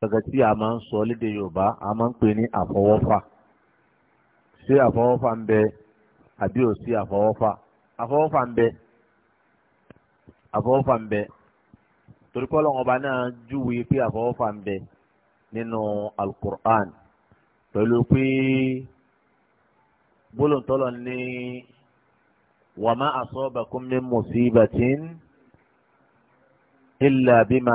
gẹ́gẹ́ tí a máa ń sọ lédè Yorùbá a máa ń pè ní àfọwọ́fà ṣé àfọwọ́fà ń bẹ àbí ò sí àfọwọ́fà àfọwọ́fà ń bẹ àfọwọ́fà ń bẹ torí pé Ọba náà júwe pé àfọwọ́fà ń bẹ nínú alukur'an pẹ̀lú pé bólúntọ́lọ́ ní wàmá asabakum min musibatin illa bima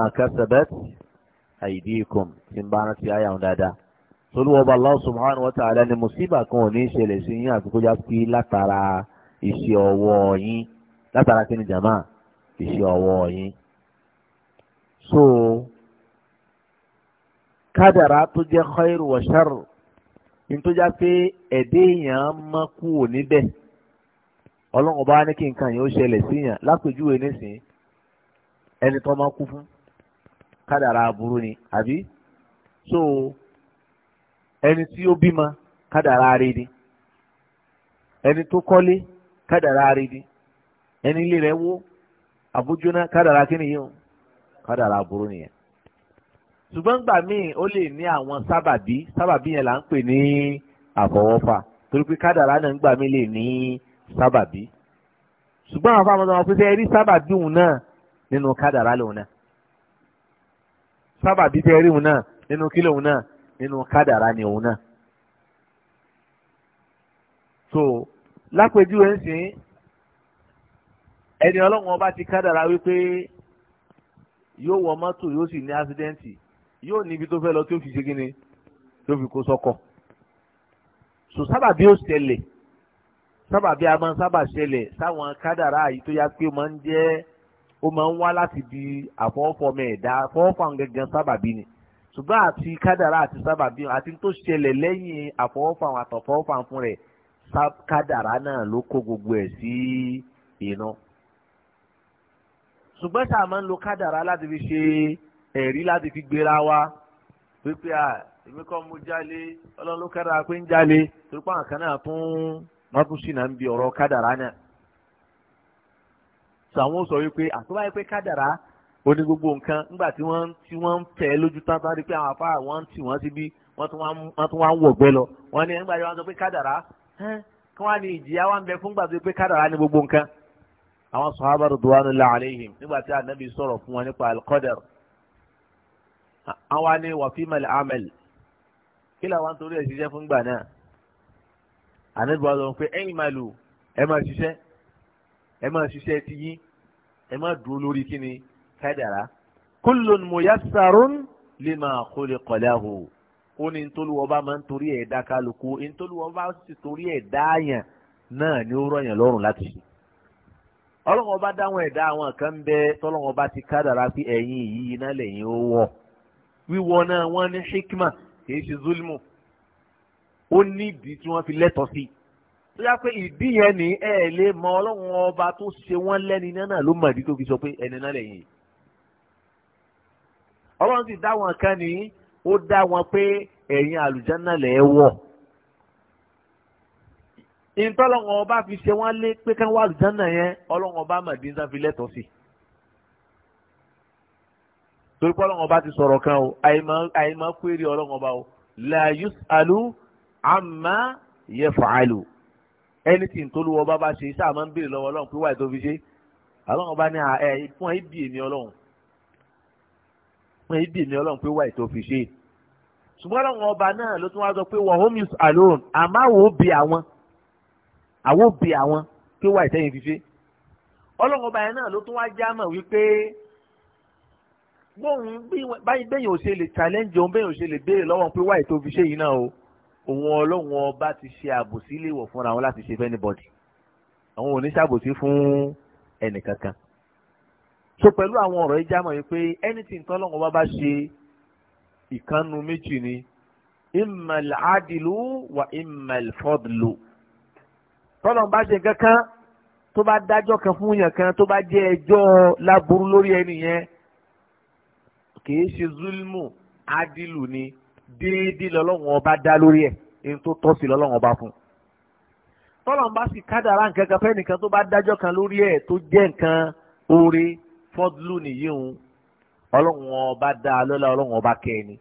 àìdíkùn tí ń bá rántí àyà wọn dáadáa tolúwọba Allah subhanahu wa ta'ala ni musiba kan ò ní í ṣẹlẹ̀ sí yín àti kójá pé látara iṣẹ́ ọwọ́ yín látara kí ni jàmá iṣẹ́ ọwọ́ yín. so kádàrá tó jẹ́ khairu wa sharru ní tó já pé ẹ̀dẹ́ èèyàn mọ́ kú ò níbẹ̀ ọlọ́run bá ní kí nǹkan yẹn ó ṣẹlẹ̀ sí yàn lápèjúwe nísìnyí ẹni tó máa kú fún kádàrà aburú ni àbí so ẹni tí ó bímọ kádàrà rí ẹni tó kọ́lé kádàrà rí ẹni ilé rẹ̀ wó àbújóná kádàrà kí nìyí o kádàrá aburú nìyẹn ṣùgbọ́n gbà míì ó lè ní àwọn sábàbí sábàbí yẹn là ń pè ní àfọwọ́fà torí pé kádàrá náà gbà mí lè ní sábàbí ṣùgbọ́n àwọn afáàmọ́ tó wọn pèsè ẹ̀rí sábàbí òun náà nínú kádàrá lòun náà sábà bíi tẹ́rí òun náà nínú kílò òun náà nínú kádàrá ni òun náà. so lápèjúwe ń sìn ẹni ọlọ́run ọba ti kádàrá wípé yóò wọ mọ́tò yóò sì ní ásídẹ́ǹtì yóò níbi tó fẹ́ lọ tó fi ṣe kí ni tó fi kó sọ́kọ̀. so sábà bí ó ṣẹlẹ̀ sábà bí a máa sábà ṣẹlẹ̀ sáwọn kádàrá yìí tó yá pé ó máa ń jẹ́ ó máa ń wá láti di àfọwọ́fọmọ ẹ̀dá àfọwọ́fọmọ gangan sábàbí ni ṣùgbọ́n àti kádàrá àti sábàbí àti tó ṣẹlẹ̀ lẹ́yìn àfọwọ́fọmọ àtọ̀fọwọ́fọmọ fún rẹ̀ kádàrá náà ló kó gbogbo ẹ̀ sí iná. ṣùgbọ́n tá a máa ń lo kádàrá láti fi ṣe ẹ̀rí láti fi gbéra wa pípé à èmi kọ́ mo jálé ọlọ́run ló kádàrá pé ń jálé torí pé àwọn kan náà tún wọ́n tún ṣìnà ń bi ọ̀rọ̀ kádàrá náà sàwọn sọ wípé àtúbà ah, yìí pé kádàrá oní gbogbo nǹkan nígbà tí wọ́n tí wọ́n ń tẹ̀ lójú tán bá rí pé àwọn afárá wọ́n ń tì wọ́n síbí wọ́n tún wá ń wọ̀gbẹ́ lọ wọ́n ní nígbà tí wọ́n sọ pé kádàrá kí wọ́n á ní ìjìyà wá ń bẹ fúngbà tó pé kádàrá ní gbogbo nǹkan. àwọn sọ̀hábà ridwanullahi alaihim nígbà tí ànábì sọ̀rọ̀ fún wọn nípa al-qadar àwa ni wàfíìmẹ̀lì amẹ̀lì kí làwọn torí ẹ̀ ṣiṣẹ́ fúngbà náà ànábì wọn sọ pé ẹ̀yin ẹ máa ṣiṣẹ́ ti yín ẹ máa dúró lórí kí ni kádàrá. kullun muyassarun lima khuliqa lahu ó ní ntòlúwọ́ bá máa ń torí ẹ̀ dá kálukú ntòlúwọ́ bá sì torí ẹ̀ dá yàn náà ni ó rọ̀yàn lọ́rùn láti ṣe. ọlọ́wọ́ bá dáwọn ẹ̀dá àwọn kan bẹ tọ́lọ́wọ́ bá ti kádàrá pé ẹ̀yìn yìí iná lẹ́yìn ó wọ̀ wíwọ náà wọ́n ní hikma kì í ṣe zulmu ó nídìí tí wọ́n fi lẹ́tọ̀ọ́ sí i tó yá pé ìdí yẹn ní ẹ lè mọ ọlọ́run ọba tó ṣe wọ́n lẹ́ni náà ló mọ̀ ìdí tó fi sọ pé ẹni náà lẹ́yìn. ọlọ́run ti dá wọn kan ní ó dá wọn pé ẹ̀yin àlùjáná lẹ́ wọ̀. ìtọ́lọ́run ọba fi ṣe wọ́n lé pé káwọn àlùjáná yẹn ọlọ́run ọba mọ̀dínlá fi lẹ́tọ̀ọ́ sí i torí pé ọlọ́run ọba ti sọ̀rọ̀ kan o àìmọ́ péré ọlọ́run ọba o la yusalu amma yaf'alu anything tó lówó bá bá ṣe sáà máa ń béèrè lọ́wọ́ ọlọ́run pé wáyé tó fi ṣe ọlọ́run bá ní ẹ fún ẹ bí èmi ọlọ́run fún ẹ bí èmi ọlọ́run pé wáyé tó fi ṣe ṣùgbọ́n ọlọ́run ọba náà ló tún wá sọ pé wọ́n home is alone àmọ́ àwọn òbí àwọn àwọn òbí àwọn pé wáyé tẹ́yìn fi ṣe ọlọ́run ọba yẹn náà ló tún wá já mọ̀ wípé bóun báyìí bẹ́yìn ò ṣe lè challenge òun bẹ́yìn ò ṣe lè béèrè lọ́wọ́ pé wáyé tó fi ṣe yìí náà o òun ọlọ́run ọba ti ṣe àbòsí léèwọ̀ fúnra wọn láti ṣe fẹ́nibọ́dì àwọn ò ní ṣàbòsí fún ẹnìkankan so pẹ̀lú àwọn ọ̀rọ̀ yìí jámọ̀ yìí pé anything tọ́lọ́run ọba bá ṣe ìkànnù méjì ni immal adilu wa immal fadlu tọ́lọ́run bá ṣe kankan tó bá dájọ́ kan fún yàn kan tó bá jẹ́ ẹjọ́ láburú lórí ẹni yẹn kì í ṣe zulmu adilu ni déédéé lọ́lọ́wọ́n ọba dá lórí ẹ̀ ẹni tó tọ́ sí lọ́lọ́wọ́n ọba fún un. tọ́lọ̀ ń bá sì kádàrá nǹkan kan fẹ́nìkan tó bá dájọ́ kan lórí ẹ̀ tó jẹ́ nǹkan oore fọ́dúlù nìyí òun ọlọ́wọ́n ọba dá lọ́lá ọlọ́wọ́n ọba kẹ́ ẹ ni.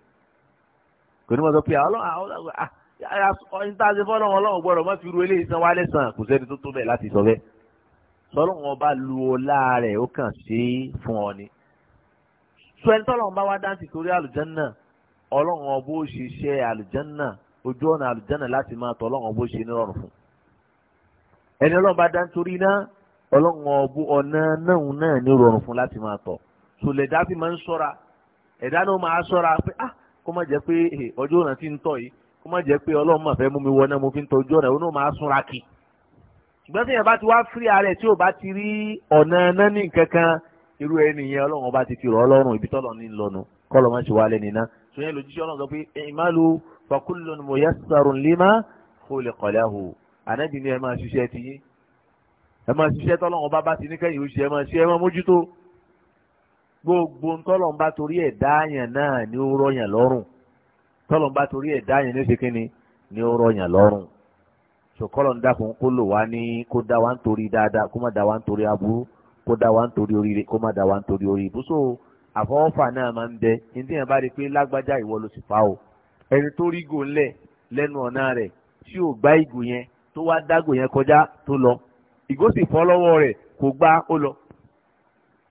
kò ní wọ́n sọ pé ah, ọ̀yìn ah, ah, tá a ṣe fọ́lọ́wọ́n ọlọ́wọ́n gbọ́dọ̀ má fi ru eléyìí san wálé san kò sẹ́ni tó tó bẹ̀ láti ọ ni. sọ dáǹtì torí àlùjánnà ọlọ́run ọbọ̀ òṣìṣẹ́ àlùjánà ojú ọ̀nà àlùjánà láti máa tọ̀ ọlọ́run ọbọ̀ òṣìṣẹ́ nírọ̀rùn fún. ẹni ọlọ́run bá dá nítorí náà ọlọ́run ọbọ̀ ọ̀nà náà náà nírọ̀rùn fún láti máa tọ̀ sòlẹ̀dá fi máa ń sọ́ra ẹ̀dá náà máa sọ́ra pé ah kó má jẹ́ pé eh, ọjọ́ ọ̀nà tí ń tọ̀ yìí kó má jẹ́ pé ọlọ́run máa fẹ́ mú mi wọ náà mo fi ń tọ̀ ojú ọ̀nà òun sọyẹ́ lójúṣe ọlọ́run sọ pé ìmáàlú fakullun muyassarun lima khuliqa lahu ànábì ni ẹ máa ṣiṣẹ́ ti yín ẹ máa ṣiṣẹ́ tọ́lọ́run bá bá ti ní kẹ́yìn oṣù ẹ máa ṣe ẹ máa mójútó gbogbo tọ́lọ́run bá torí ẹ̀ dáàyàn náà ni ó rọ̀yàn lọ́rùn tọ́lọ́run bá torí ẹ̀ dáàyàn ní ó ṣe ni ó rọ̀yàn lọ́rùn sọkọlọ dákun kó lò wá ní kó dá wa ń torí dáadáa kó má dá wa ń torí aburú kó dá wa ń torí oríire kó má dá wa ń torí orí ibùsọ àfọwọ́fà náà máa ń bẹ ní tí yẹn bá rí i pé lágbájá ìwọ ló sì fa o ẹni tó rí ìgò ńlẹ̀ lẹ́nu ọ̀nà rẹ̀ tí ò gbá ìgò yẹn tó wá dágò yẹn kọjá tó lọ ìgò sì fọ́ lọ́wọ́ rẹ̀ kò gbá ó lọ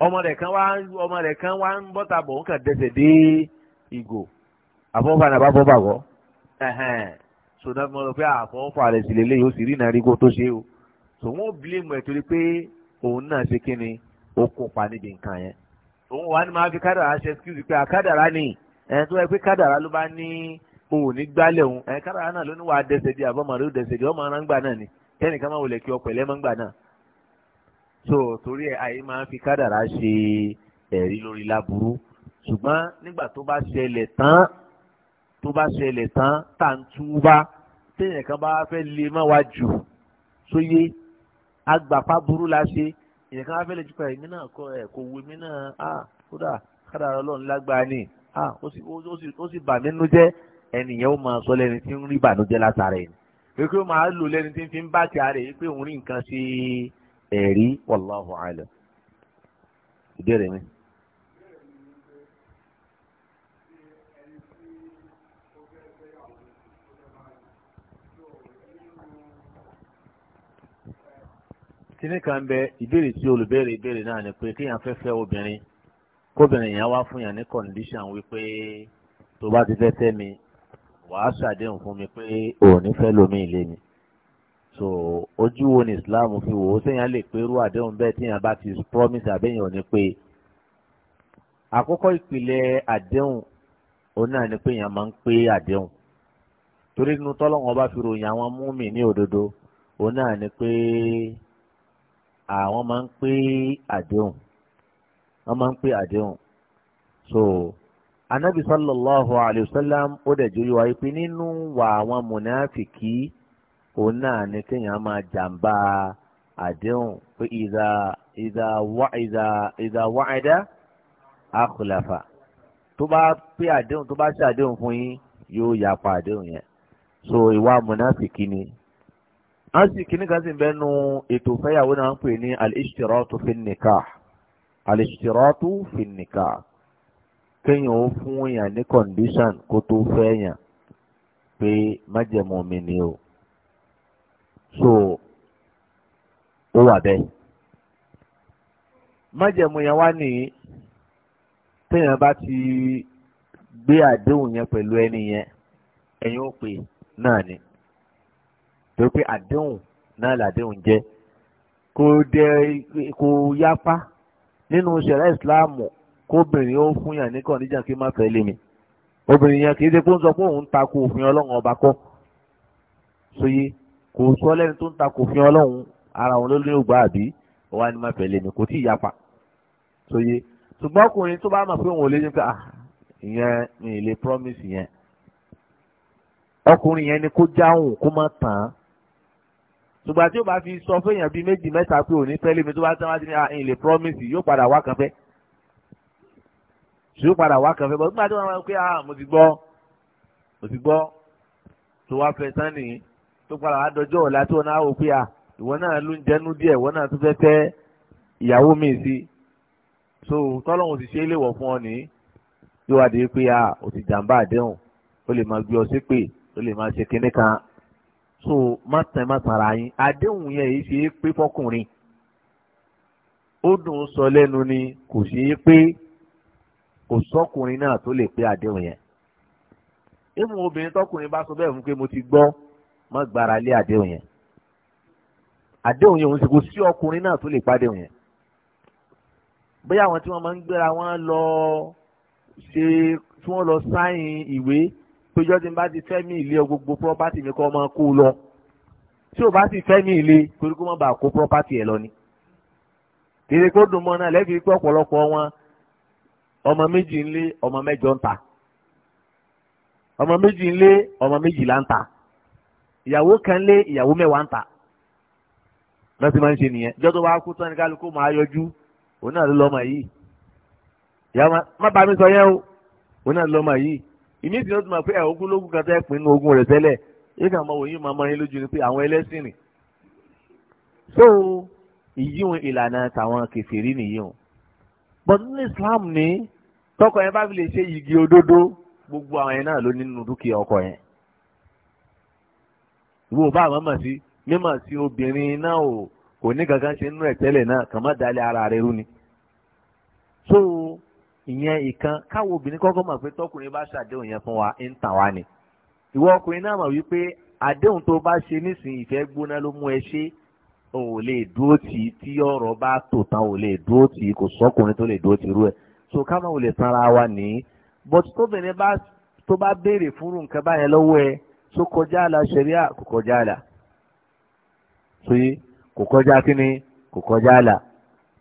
ọmọ rẹ̀ kan wá ọmọ rẹ̀ kan wá ń bọ́ta bọ̀ ń kàn dẹsẹ̀ dé ìgò àfọwọ́fà náà bá fọ́ bàgọ́ sọdọ fún ọ pé àfọwọ́fà rẹ̀ sì lélẹ́yìn ó sì rí ìnáwó kó tó ṣe o sọ wọn ò òun wà ní máa fi kádàrá ṣe excuse pé àkádàrá ni ẹ̀ tó yẹ pé kádàrá ló bá ní òun ní gbálẹ̀ òun ẹ̀ kádàrá náà ló ní wàá dẹsẹ̀ di àbọ̀mọ̀ ló dẹsẹ̀ di ọmọ aráńgbà náà ni kẹ́nìkan máa wọlé kí ọpẹ̀lẹ́ máa ń náà so torí ẹ̀ àyè máa fi kádàrá ṣe ẹ̀rí lórí láburú ṣùgbọ́n nígbà tó bá ṣẹlẹ̀ tán tó bá ṣẹlẹ̀ tán tá à ń túbá téèyàn kan bá fẹ́ lè má wá jù sóyé agbàpá burú la ṣe ìyẹn kan abẹ́lẹ̀ jù pa èmi náà kọ ẹ̀ kò wù mí náà a kódà kádà ọlọ́run lágbára ni a ó sì ó sì bà mí nínú jẹ́ ẹnìyẹn ó máa sọ lẹ́ni tí ń rí ìbànújẹ́ látara ẹni pé ó máa lò lẹ́ni tí ń fi ń bá ti ara pé òun rí nǹkan sí ẹ̀rí wallahu alam ìbéèrè mi. kíní kan bẹ ìbéèrè tí olùbéèrè ìbéèrè náà ni pé kéèyàn fẹ́ fẹ́ obìnrin kóbìnrin yẹn wá fún yàn ní condition wípé tó bá ti fẹ́ fẹ́ mi wàá ṣàdéhùn fún mi pé òní fẹ́ lomi ilé mi so ojú wo ni Islam fi wò ó sẹ́yìn lè pé irú àdéhùn bẹ́ẹ̀ tíyàn bá ti promise àbẹ́yìn òní pé àkọ́kọ́ ìpìlẹ̀ àdéhùn òun náà ni pé yàn máa ń pé àdéhùn torí inú tọ́lọ́wọ́n bá fi ròyìn àwọn múmi ní òdodo òun náà ni pé àwọn máa ń pé àdéhùn wọ́n máa ń pé àdéhùn so anabi sallallahu alayhi wa sallam ó dẹ̀ jóyè wáyé pé nínú wà àwọn mùnàfìkì òun náà ni kéèyàn máa jàǹbá àdéhùn pé ìdá ìdá wá ìdá ìdá wá ẹ̀dá àkùlàfà tó bá pé àdéhùn tó bá ṣe àdéhùn fún yín yóò yapa àdéhùn yẹn so ìwà mùnàfìkì ni ansi kini kan si bẹnu ètò fẹ́yàwó náà ń pè ní alishtiratu fi nikah alishtiratu fi nikah kéèyàn ó fún yàn ní condition kó tó fẹ́ yàn pé májẹ̀mú mi ni o so ó wà bẹ́ẹ̀ májẹ̀mú yẹn wá nìyí téèyàn bá ti gbé àdéhùn yẹn pẹ̀lú ẹni yẹn ẹ̀yin ó pè náà torí pé àdéhùn náà làdéhùn jẹ́ kò dẹ kò yapa nínú ṣẹ̀rẹ́ ìsìláàmù kóbìnrin ó fún yàn ní kọ̀ọ̀díjà kí má fẹ́ lé mi obìnrin yẹn kì í ṣe pé ń sọ pé òun ń takò òfin ọlọ́run ọba kọ́ sóyè kò sọ lẹ́ni tó ń takò òfin ọlọ́run ara òun ló ní ògbà àbí wà ní má fẹ́ lé kò tí ì yapa sóyè ṣùgbọ́n ọkùnrin tó bá mọ̀ pé òun ò lé ní ká ah, ìyẹn mi ì lè promise yẹn ọkùnrin yẹn ni kó jáwùn kó má tàn án ṣùgbọ́n tí ó bá fi sọ fún èèyàn bíi méjì mẹ́ta pé òní fẹ́ lé mi tó bá tán wá sí ní àhìn ah, lè promise yóò padà wá kan fẹ́ yóò padà wá kan fẹ́ bọ́ nígbà tí wọ́n máa ń pè ah mo ti gbọ́ mo ti gbọ́ tó wá fẹ́ tán nìyí tó padà wá dọjọ́ ọ̀la tí wọ́n náà wò pé ah ìwọ náà ló ń jẹnu díẹ̀ ìwọ náà tó fẹ́ fẹ́ ìyàwó mi sí so tọ́lọ́hún ti ṣe é léwọ̀ fún ọ nìyí yóò wá dé pé ah o ti jàǹbá àdéhùn ó lè máa gbé ọ ṣépè ó lè máa ṣe kinní kan so má tẹ̀ má tara yín àdéhùn yẹn yìí ṣe é pé fọkùnrin ó dùn ún sọ lẹ́nu ni kò ṣe é pé kò sọkùnrin náà tó lè pé àdéhùn yẹn ìmú obìnrin tọkùnrin bá sọ bẹ́ẹ̀ fún pé mo ti gbọ́ má gbára lé àdéhùn yẹn àdéhùn yẹn kò sí ọkùnrin náà tó lè pàdéhùn yẹn bóyá àwọn tí wọ́n máa ń gbéra wọn lọ ṣe tí wọ́n lọ sáyìn ìwé péjọ́ tí n bá ti fẹ́ mi ilé gbogbo property mi kọ́ máa kó lọ tí o bá sì fẹ́ mi ilé torí kó má bàa kó property ẹ̀ lọ ni. tèrè kó dùn mọ́ náà lẹ́bi pé ọ̀pọ̀lọpọ̀ wọn ọmọ méjì ń lé ọmọ mẹ́jọ ń ta ọmọ méjì ń lé ọmọ méjìlá ń ta ìyàwó kan lé ìyàwó mẹ́wàá ń ta lọ́sí máa ń ṣe nìyẹn ìjọ́ tó bá kú tán ní kálukú máa yọjú òun náà ló lọ́mọ yìí ìyàwó má bá mi sọ yẹn o òun náà ló lọ́mọ yìí ìmí ti ló ti máa pé ẹ̀hógún lógún kan tẹ́ pín inú ogún rẹ̀ tẹ́lẹ̀ yìí kàn máa wòye máa mọ́rin lójú ni pé àwọn ẹlẹ́sìn ni. so ìyíwọn ìlànà tàwọn kèfèrí nìyíwọn. but nínú Islam ni tọkọ yẹn bá fi lè ṣe yìgì òdodo gbogbo àwọn yẹn náà ló nínú dúkìá ọkọ yẹn. ìwọ bá àwọn mọ̀ sí mímọ̀ sí obìnrin náà ò kò ní kankan ṣe nínú ẹ̀ tẹ́lẹ̀ náà kàn má dalẹ̀ ara rẹ̀ rú ni. so ìyẹn ìkan káwọn obìnrin kọ́kọ́ mọ̀ pé tọkùnrin bá ṣàdéhùn yẹn fún wa ń tàn wá ni ìwọ ọkùnrin náà mọ̀ wípé àdéhùn tó bá ṣe nísìnyí ìfẹ́ gbóná ló mú ẹ ṣe ò lè dúró tì í tí ọ̀rọ̀ bá tò tán ò lè dúró tì í kò sọ́kùnrin tó lè dúró tì í rú ẹ̀ so ká máa wò lè tanra wa nìyí but tóbìnrin bá tó bá béèrè fúnrú nǹkan báyẹn lọ́wọ́ ẹ tó kọjá àlà ṣẹ̀ríà kò kọjá àlà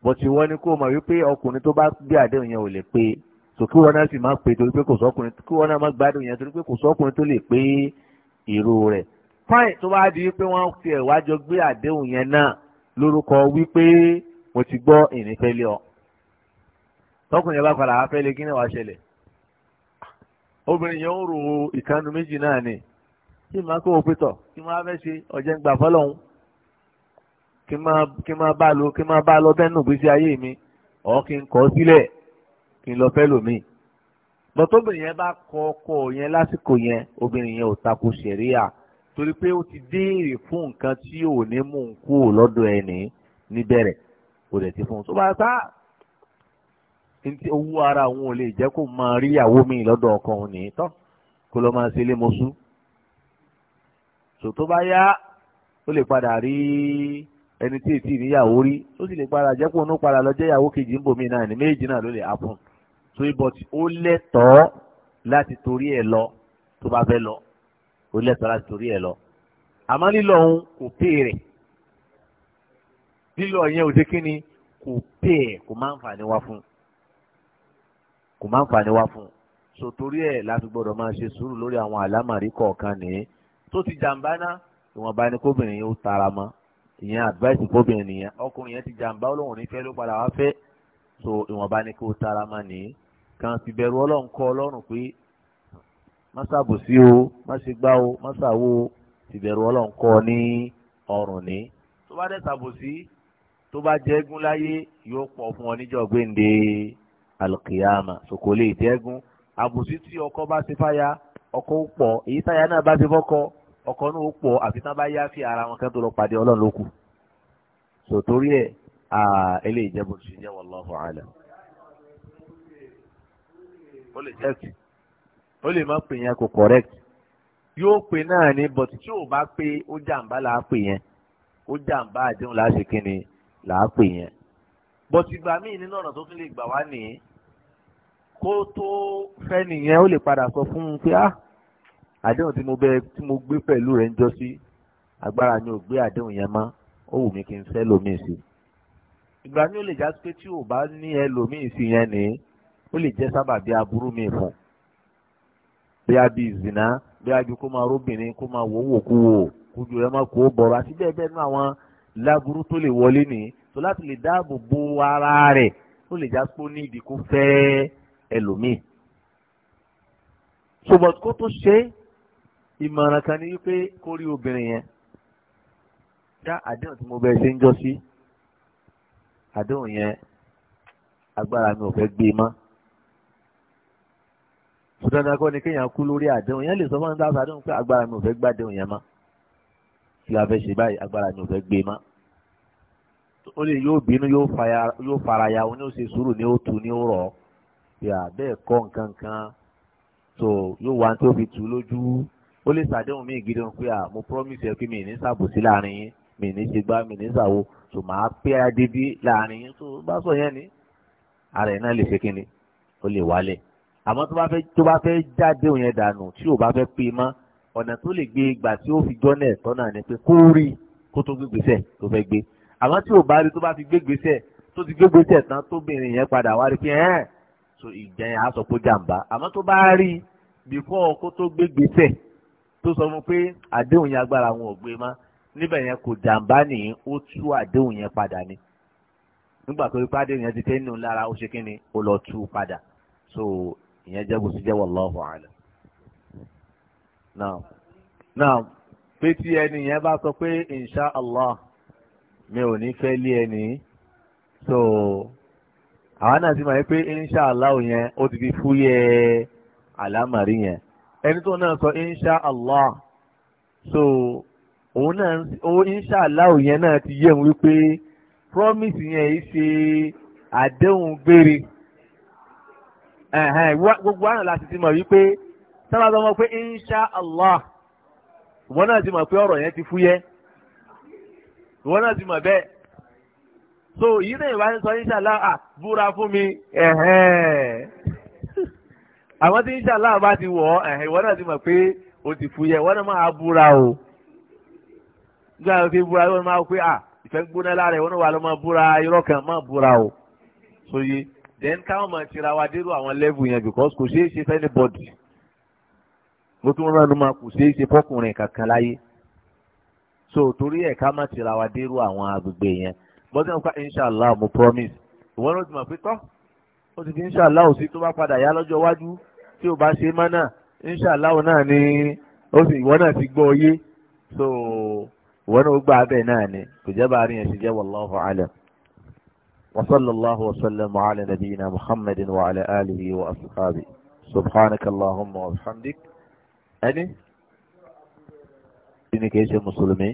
bọ̀tí wọ́n ní kó mọ̀ wípé ọkùnrin tó bá gbé àdéhùn yẹn ò lè pé so kí wọ́n náà sì má pé torí pé kò sọ́kùnrin kí wọ́n náà má gbádùn yẹn torí pé kò sọ́kùnrin tó lè pé ìró rẹ̀ fáìn tó bá di wípé wọ́n fi ẹ̀wá jọ gbé àdéhùn yẹn náà lórúkọ wípé mo ti gbọ́ ìrìnfẹ́lẹ́ ọ tọkùnrin yẹn bá padà wá fẹ́lẹ́ kí ni wàá ṣẹlẹ̀ obìnrin yẹn ń ro ìkanu méjì náà ni kí n máa kó o pétọ̀ kí n máa fẹ́ ṣe ọ̀jẹ̀ ń gbà fọ́lọ́hún kí n máa bá lọ kí n máa bá lọ bẹ́ẹ̀ nù gbèsè ayé mi ọ̀ kí n kọ́ sílẹ̀ kí n lọ fẹ́ lòmíì bọ́tọ́bìnrin yẹn bá kọ ọkọ yẹn lásìkò yẹn obìnrin yẹn ò takò ṣẹ̀ríà torí pé ó ti déèrè fún nǹkan tí ò ní mú un kú lọ́dọ̀ ẹni níbẹ̀rẹ̀ kò dẹ̀ ti fún un tó bá sá owó ara òun ò lè jẹ́ kó máa rí ìyàwó mi lọ́dọ̀ ọkọ òun nìyí tán kó lọ́ máa ṣe lémosú sò tó bá yá ó lè padà rí ẹni tí èsì níyàwó rí ó sì lè padà jẹ́ pọ̀ ní padà lọ jẹ́ ìyàwó kejì ń bòmí náà ní méjì náà ló lè happen so but ó lẹ́tọ̀ọ́ láti torí ẹ̀ lọ tó bá fẹ́ lọ ó lẹ́tọ̀ọ́ láti torí ẹ̀ lọ àmọ́ lílọ òun kò pè rẹ̀ lílọ yẹn ò ṣe kí ni kò pè ẹ̀ kò máa ń fà ní wá fún kò máa ń fà ní wá fún so torí ẹ̀ láti gbọ́dọ̀ máa ṣe sùúrù lórí àwọn àlámàrí kọ̀ọ̀kan nìyẹn tó ti jàǹbá ná ìwọ̀nba ni kóbìnrin yóò tara mọ́ ìyẹn advice fóbìnrin nìyẹn ọkùnrin yẹn ti jàǹbá olóhùn nífẹ̀ẹ́ ló padà wá fẹ́ so ìwọ̀nba ni kó tara máa nìyí kan fi bẹ̀rù ọlọ́run kọ́ ọlọ́run pé má ṣàbòsí o má ṣe gbá o má ṣàwo o ti bẹ̀rù ọlọ́run kọ́ ní ọrùn ní. tó bá dẹ̀ ṣàbòsí tó bá jẹ́ égún láyé yóò pọ̀ fún ọ níjọ́ gbéǹde alùkìyàmà sòkòlè ìjẹ́gún àbòsí tí ọkọ bá ṣe fáya ọkọ pọ̀ èyí táyà náà bá ṣe fọ́kọ ọkọ náà ó pọ̀ àfi tán bá yá fi ara wọn kẹ́ńtò lọ pàdé ọlọ́run lókù sòtórí ẹ̀ eléyìí jẹ́ bó ti jẹ́ wallahu alam. ó lè tẹ́tì ó lè má pè yẹn kò correct yóò pè náà ní bọ̀tí tí ò bá pé ó jàǹbá là á pè yẹn ó jàǹbá àdéhùn là á ṣe kíni là á pè yẹn bọ̀tí gbà míì nínú ọ̀nà tó tún lè gbà wá nìyí kó tó fẹ́ nìyẹn ó lè padà sọ fún un pé ah àdéhùn tí mo bẹ tí mo gbé pẹ̀lú rẹ̀ ń jọ sí agbára ni ò gbé àdéhùn yẹn mọ́ ó wù mí kí n fẹ́ lómi sí. ìgbà mi ò lè já sí pé tí ò bá ní ẹ lómi sí yẹn ni ó lè jẹ́ sábàbí aburú mi fún. bóyá bí ìzìnà bóyá bí kó máa róbìnrin kó máa wò wò kú wò kójú rẹ̀ máa kó bọ̀rọ̀ àti bẹ́ẹ̀ bẹ́ẹ̀ nú àwọn láburú tó lè wọlé nìyí tó láti lè dáàbò bo ara rẹ̀ ó lè já pé ó ní ìdí kó fẹ́ ẹlòmíì. ṣùgbọ́n kó tó ṣe é ìmọ̀ràn kan ní wípé kó rí obìnrin yẹn dá àdéhùn tí mo bẹ ṣe ń jọ sí àdéhùn yẹn agbára mi ò fẹ́ gbé e mọ́ sùdánù akọ́ni kéèyàn kú lórí àdéhùn yẹn lè sọ fún dáhùn àdéhùn pé agbára mi ò fẹ́ gbàdéhùn yẹn mọ́ kí la fẹ́ ṣe báyìí agbára mi ò fẹ́ gbé mọ́ ó lè yóò bínú yóò faraya ó ní ó ṣe sùúrù ní ó tu ní ó rọ̀ ọ́ bẹ́ẹ̀ kọ́ nǹkan kan tó yóò wá tó fi tù lójú ó lè ṣàdéhùn mí gidi wọn pé à mo promise ẹ pé mi ní ṣàbòsí láàrin yín mi ní ṣe gbá mi ní ṣàwo tó máa pé adébí láàrin yín tó bá sọ yẹn ni ara ẹ̀ náà lè ṣe kí ni ó lè wálẹ̀ àmọ́ tó bá fẹ́ tó bá fẹ́ jáde òun yẹn dànù tí ò bá fẹ́ pé mọ́ ọ̀nà tó lè gbé ìgbà tí ó fi jọ́nà ẹ̀tọ́ náà ni pé kó rí kó tó gbégbèsè tó fẹ́ gbé àmọ́ tí ò bá rí tó bá fi gbégbèsè tó ti gbégbèsè tán tóbìnrin yẹn padà wá rí pé ẹ́ẹ̀ so ìjẹun àá sọ pé jàǹbá àmọ́ tó bá rí bífọ́ kó tó gbégbèsè tó sọ fún pé àdéhùn yẹn agbára wọn ò gbé má níbẹ̀ yẹn kò jàǹbá nìyí ó tú àdéhùn yẹn padà ni nígbà tó ipá àdéhùn yẹn ti tẹ́ nínú lára ó ṣe kí ni ó lọ tú padà so ìyẹn jẹ́ bùsùn jẹ́ wallahu alam. now now pé ẹni yẹn bá sọ pé insha mi ò ní fẹ́ ẹni so àwa náà sì máa ń pé insha allah yẹn ó ti fi fúyẹ́ yẹn. ẹni tó náà sọ insha allah so òun náà ó insha allah yẹn náà ti yé òun wípé promise yẹn yìí ṣe àdéhùn gbére gbogbo àná láti ti mọ̀ wípé sábà sọ insha allah ìwọ náà ti mọ̀ pé ọ̀rọ̀ yẹn ti fúyẹ́ ìwọ náà ti mọ̀ bẹ́ẹ̀ so yìí náà sọ insha allah búra fún mi. àwọn tí inshallah bá ti wọ̀ ẹ̀hìn ìwọ náà ti mọ̀ pé o ti fúyẹ́ ìwọ náà máa búra o nígbà tó ti búra ìwọ náà máa pé à ah, ìfẹ́ gbóná lára ìwọ náà wà lọ́ máa búra irọ́ kan máa búra o sóye then káwọn máa tira wa dérò àwọn level yẹn because kò ṣeé ṣe fẹ́ni bọ́dì mo tún rán ma kò ṣeé ṣe fọkùnrin kankan láyé so torí ẹ̀ ká má tira wa dérò àwọn agbègbè yẹn bọ́sẹ̀ nípa inshallah mo promise ìwọ náà ti mọ̀ pé tọ́ ó ti fi inshallah òsì tó bá padà yá lọ́jọ́ iwájú tí o bá ṣe mọ́nà inṣàláwọ̀ náà ni ó sì ìwọ náà ti gbọ́ yé so ìwọ náà ó gbà abẹ́ náà ni kò jẹ́ bá a rí yẹn ṣe jẹ́ wallahu alam wa sallallahu wa sallam ala nabiyyina muhammadin wa ala alihi wa ashabi subhanaka allahumma wa bihamdik ẹni ẹni kìí ṣe mùsùlùmí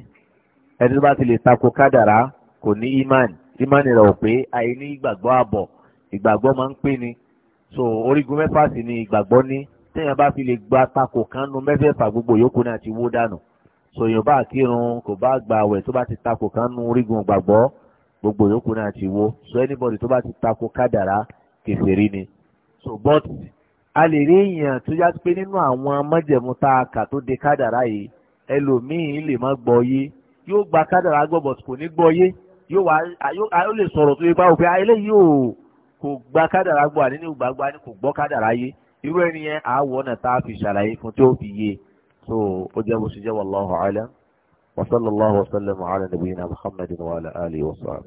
ẹni tó bá ti lè takò kádàrá kò ní imán imán rẹ̀ ò pé àìní ìgbàgbọ́ àbọ̀ ìgbàgbọ́ máa ń pè ní so orígun mẹ́fà sì ni ìgbàgbọ́ ní téèyàn bá fi lè gba tako kánú mẹ́fẹ̀ẹ̀fà gbogbo yòókù náà ti wó dànù sòyìn bá kírun kò bá gba àwẹ̀ tó bá ti tako kánú orígun ìgbàgbọ́ gbogbo yòókù náà ti wó so anybody tó bá ti tako kádàrá kèfèrí ni so but a lè rí èèyàn tó yá pé nínú àwọn májẹ̀mú tá a kà tó de kádàrá yìí ẹlòmíín lè má gbọ́ yé yóò gba kádàrá gbọ́ but kò ní gbọ́ yé yóò wá yóò lè sọ̀rọ̀ tó yẹ báwo pé ah, eléyìí yóò kò gba kádàrá gbọ́ àní ní ìgbàgbọ́ àní kò gbọ́ kádàrá yé irú ẹni yẹn àáwọ̀ náà tá a fi ṣàlàyé fún tí ó fi yé so ó jẹ́ bó ṣe jẹ́ wallahu alam wa sallallahu wa sallam ala nabiyyina muhammadin wa ala alihi